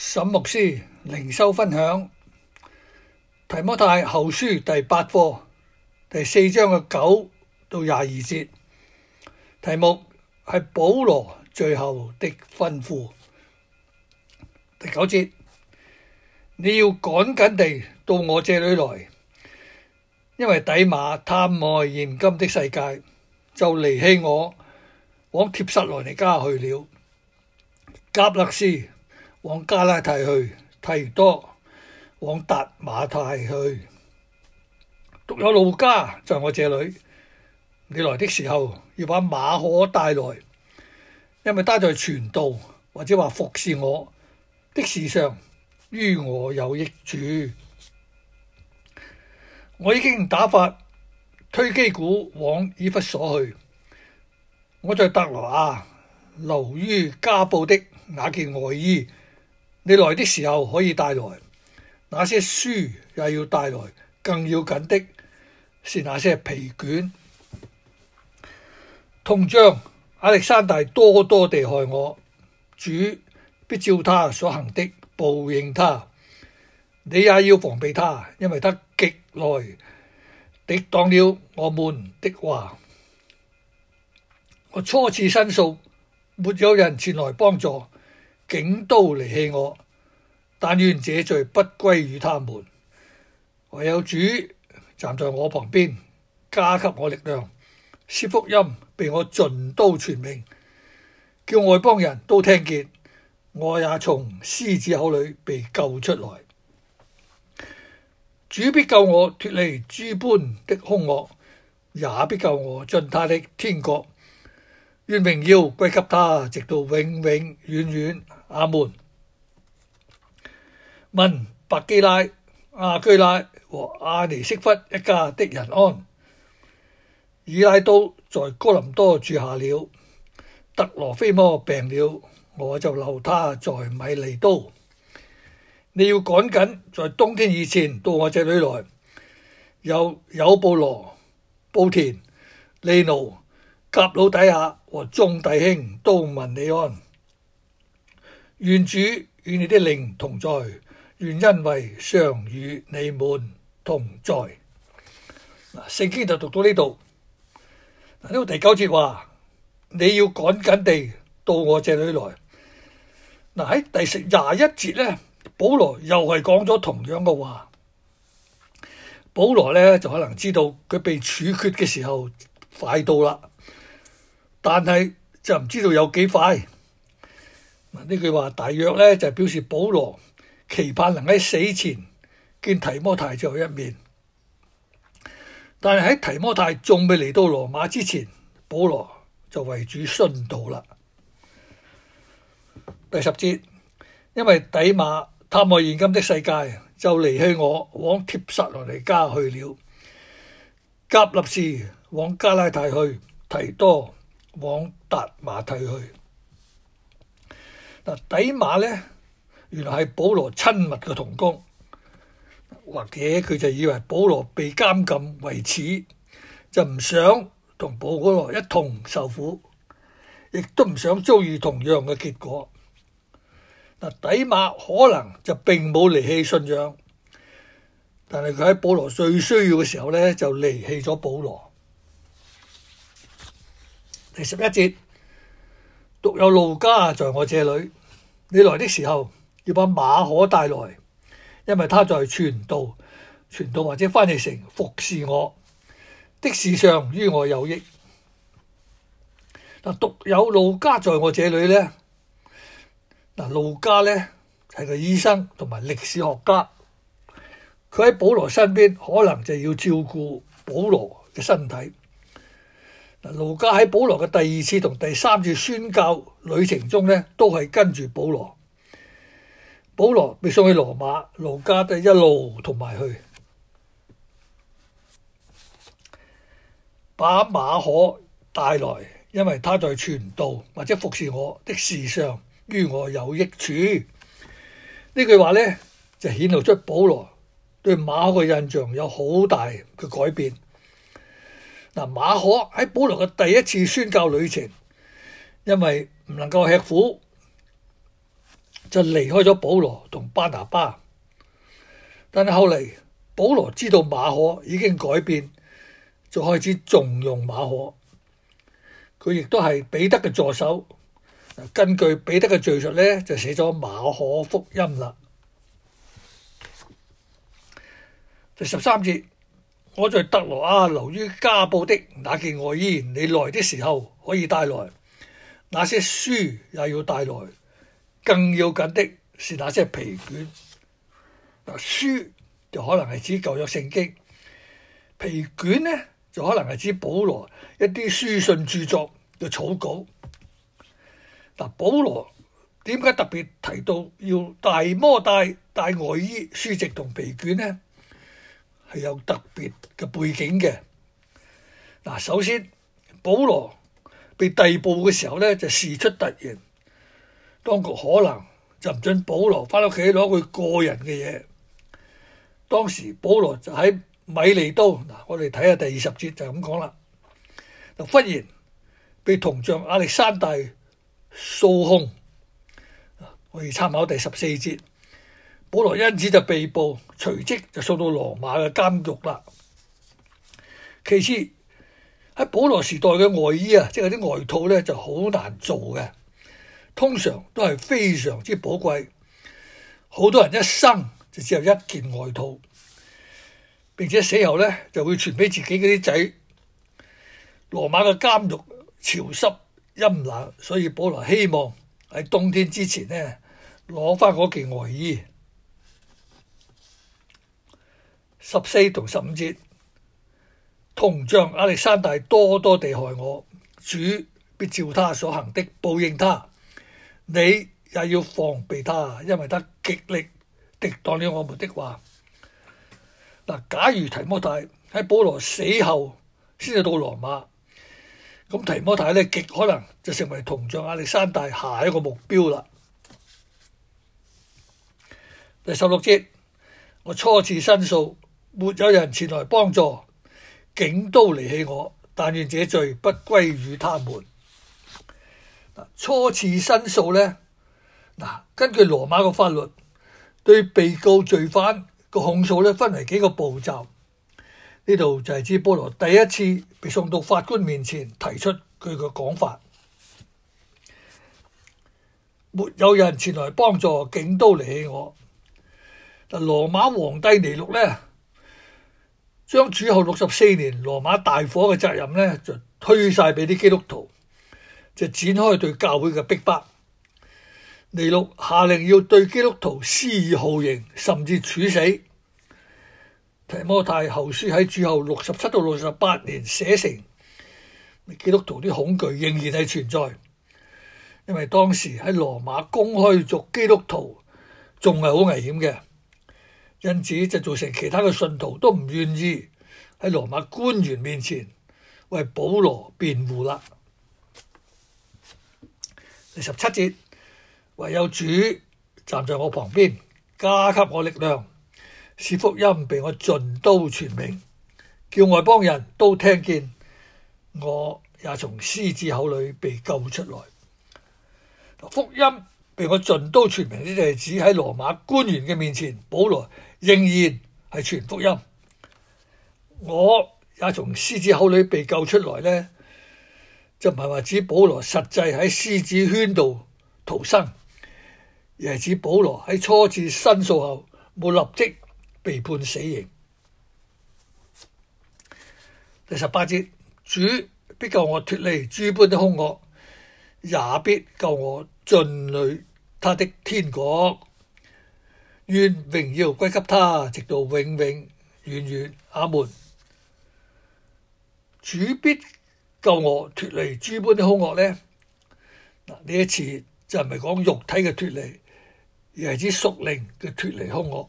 沈牧師靈修分享《提摩太後書》第八課第四章嘅九到廿二節，題目係保羅最後的吩咐。第九節，你要趕緊地到我這裏來，因為底馬貪愛現今的世界，就離棄我，往帖撒羅尼迦去了。革勒士。往加拉太去，提多，往達馬太去，獨有路加在我這裏。你來的時候要把馬可帶來，因為他在傳道或者話服侍我的事上於我有益處。我已經打發推基古往以弗所去。我在特羅亞留於加布的那件外衣。你來的時候可以帶來那些書，也要帶來更要緊的是那些皮卷。銅匠亞歷山大多多地害我，主必照他所行的報應他。你也要防備他，因為他極力敵擋了我們的話。我初次申訴，沒有人前來幫助，竟都離棄我。但願這罪不歸於他們，唯有主站在我旁邊，加給我力量。使福音被我盡都傳明，叫外邦人都聽見。我也從獅子口裏被救出來。主必救我脫離諸般的凶惡，也必救我進他的天國。願榮耀歸給他，直到永永遠遠。阿門。問百基拉、亞居拉和阿尼色弗一家的人安。以拉都在哥林多住下了，特羅非摩病了，我就留他在米利都。你要趕緊在冬天以前到我這裏來。有友布羅、布田、利奴、革老底亞和眾弟兄都問你安。願主與你的靈同在。願恩惠常與你們同在。聖經就讀到呢度。呢個第九節話你要趕緊地到我這裏來。嗱，喺第廿一節呢，保羅又係講咗同樣嘅話。保羅呢，就可能知道佢被處決嘅時候快到啦，但係就唔知道有幾快。嗱，呢句話大約呢，就表示保羅，期盼能喺死前見提摩太最後一面，但係喺提摩太仲未嚟到羅馬之前，保羅就為主殉道啦。第十節，因為底馬貪愛現今的世界，就離去我，往帖撒羅尼迦去了；加立士往加拉太去，提多往達馬太去。嗱，底馬呢？原來係保羅親密嘅同工，或者佢就以為保羅被監禁為恥，就唔想同保羅一同受苦，亦都唔想遭遇同樣嘅結果。嗱，底馬可能就並冇離棄信仰，但係佢喺保羅最需要嘅時候呢，就離棄咗保羅。第十一節，獨有路加在我這裏，你來的時候。要把馬可帶來，因為他在傳道，傳道或者翻譯成服侍我的事上於我有益。獨有路加在我這裏呢，路加呢係個醫生同埋歷史學家，佢喺保羅身邊可能就要照顧保羅嘅身體。路加喺保羅嘅第二次同第三次宣教旅程中呢，都係跟住保羅。保羅被送去羅馬，路加都一路同埋去，把馬可帶來，因為他在傳道或者服侍我的事上於我有益處。呢句話呢，就顯露出保羅對馬可嘅印象有好大嘅改變。嗱，馬可喺保羅嘅第一次宣教旅程，因為唔能夠吃苦。就離開咗保羅同巴拿巴但，但係後嚟保羅知道馬可已經改變，就開始重用馬可。佢亦都係彼得嘅助手。根據彼得嘅敘述呢，就寫咗馬可福音啦。了第十三節，我在德羅亞留於加布的那件外衣，你來的時候可以帶來；那些書也要帶來。更要緊的是那些皮卷，嗱，書就可能係指舊約聖經，皮卷呢，就可能係指保羅一啲書信著作嘅草稿。保羅點解特別提到要提摩太帶外衣、書籍同皮卷呢？係有特別嘅背景嘅。嗱，首先保羅被逮捕嘅時候呢，就事出突然。當局可能就唔准，保羅翻屋企攞佢個人嘅嘢。當時保羅就喺米利都嗱，我哋睇下第二十節就咁講啦。嗱，忽然被銅匠亞歷山大掃控，我哋參考第十四節，保羅因此就被捕，隨即就送到羅馬嘅監獄啦。其次喺保羅時代嘅外衣啊，即係啲外套咧就好難做嘅。通常都係非常之寶貴，好多人一生就只有一件外套，並且死後呢就會傳俾自己嗰啲仔。羅馬嘅監獄潮濕陰冷，所以保羅希望喺冬天之前呢攞翻嗰件外衣。十四同十五節，同將亞歷山大多多地害我，主必照他所行的報應他。你也要防備他，因為他極力敵擋了我們的話。嗱，假如提摩太喺保羅死後先至到羅馬，咁提摩太呢極可能就成為銅匠亞歷山大下一個目標啦。第十六節，我初次申訴，沒有人前來幫助，竟都離棄我。但願這罪不歸於他們。初次申訴呢嗱，根據羅馬嘅法律，對被告罪犯個控訴分為幾個步驟。呢度就係指保羅第一次被送到法官面前提出佢嘅講法，沒有人前來幫助，竟都離棄我。羅馬皇帝尼禄呢，將主後六十四年羅馬大火嘅責任呢，就推晒俾啲基督徒。就展開對教會嘅逼迫，迫，尼禄下令要對基督徒施以酷刑，甚至處死。提摩太後書喺主後六十七到六十八年寫成，基督徒啲恐懼仍然係存在，因為當時喺羅馬公開做基督徒仲係好危險嘅，因此就造成其他嘅信徒都唔願意喺羅馬官員面前為保羅辯護啦。第十七節，唯有主站在我旁邊，加給我力量，使福音被我盡都傳明，叫外邦人都聽見。我也從獅子口裏被救出來。福音被我盡都傳明，呢就係、是、指喺羅馬官員嘅面前，保羅仍然係傳福音。我也從獅子口裏被救出來呢？就唔係話指保羅實際喺獅子圈度逃生，而係指保羅喺初次申訴後冇立即被判死刑。第十八節，主必救我脱離諸般的凶惡，也必救我進裏他的天國。願榮耀歸給他，直到永永遠遠。阿門。主必。救我脫離諸般的兇惡呢？嗱，呢一次就唔係講肉體嘅脫離，而係指屬靈嘅脫離兇惡。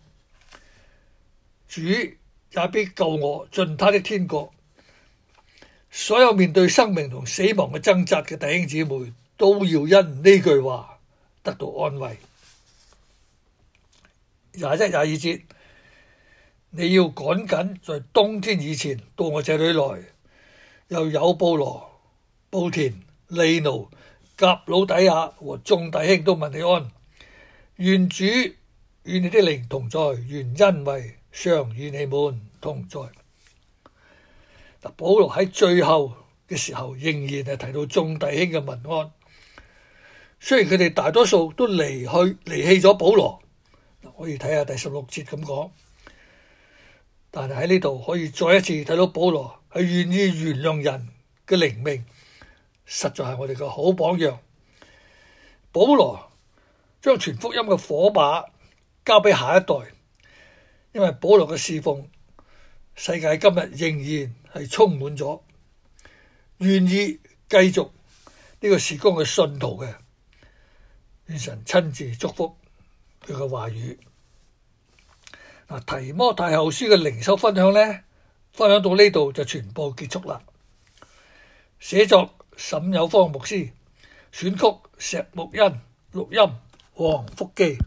主也必救我進他的天國。所有面對生命同死亡嘅掙扎嘅弟兄姊妹，都要因呢句話得到安慰。廿一、廿二節，你要趕緊在冬天以前到我這裏來。又有布羅、布田、利奴、革老底亞和眾弟兄都問你安。願主與你的靈同在，願恩惠常與你們同在。嗱，保羅喺最後嘅時候仍然係提到眾弟兄嘅問安，雖然佢哋大多數都離去、離棄咗保羅。可以睇下第十六節咁講。但係喺呢度可以再一次睇到保羅，係願意原諒人嘅靈命，實在係我哋嘅好榜樣。保羅將全福音嘅火把交俾下一代，因為保羅嘅侍奉，世界今日仍然係充滿咗願意繼續呢個時光嘅信徒嘅，願神親自祝福佢嘅話語。嗱，提摩太後書嘅靈修分享呢，分享到呢度就全部結束啦。寫作沈有芳牧師，選曲石木欣、錄音黃福記。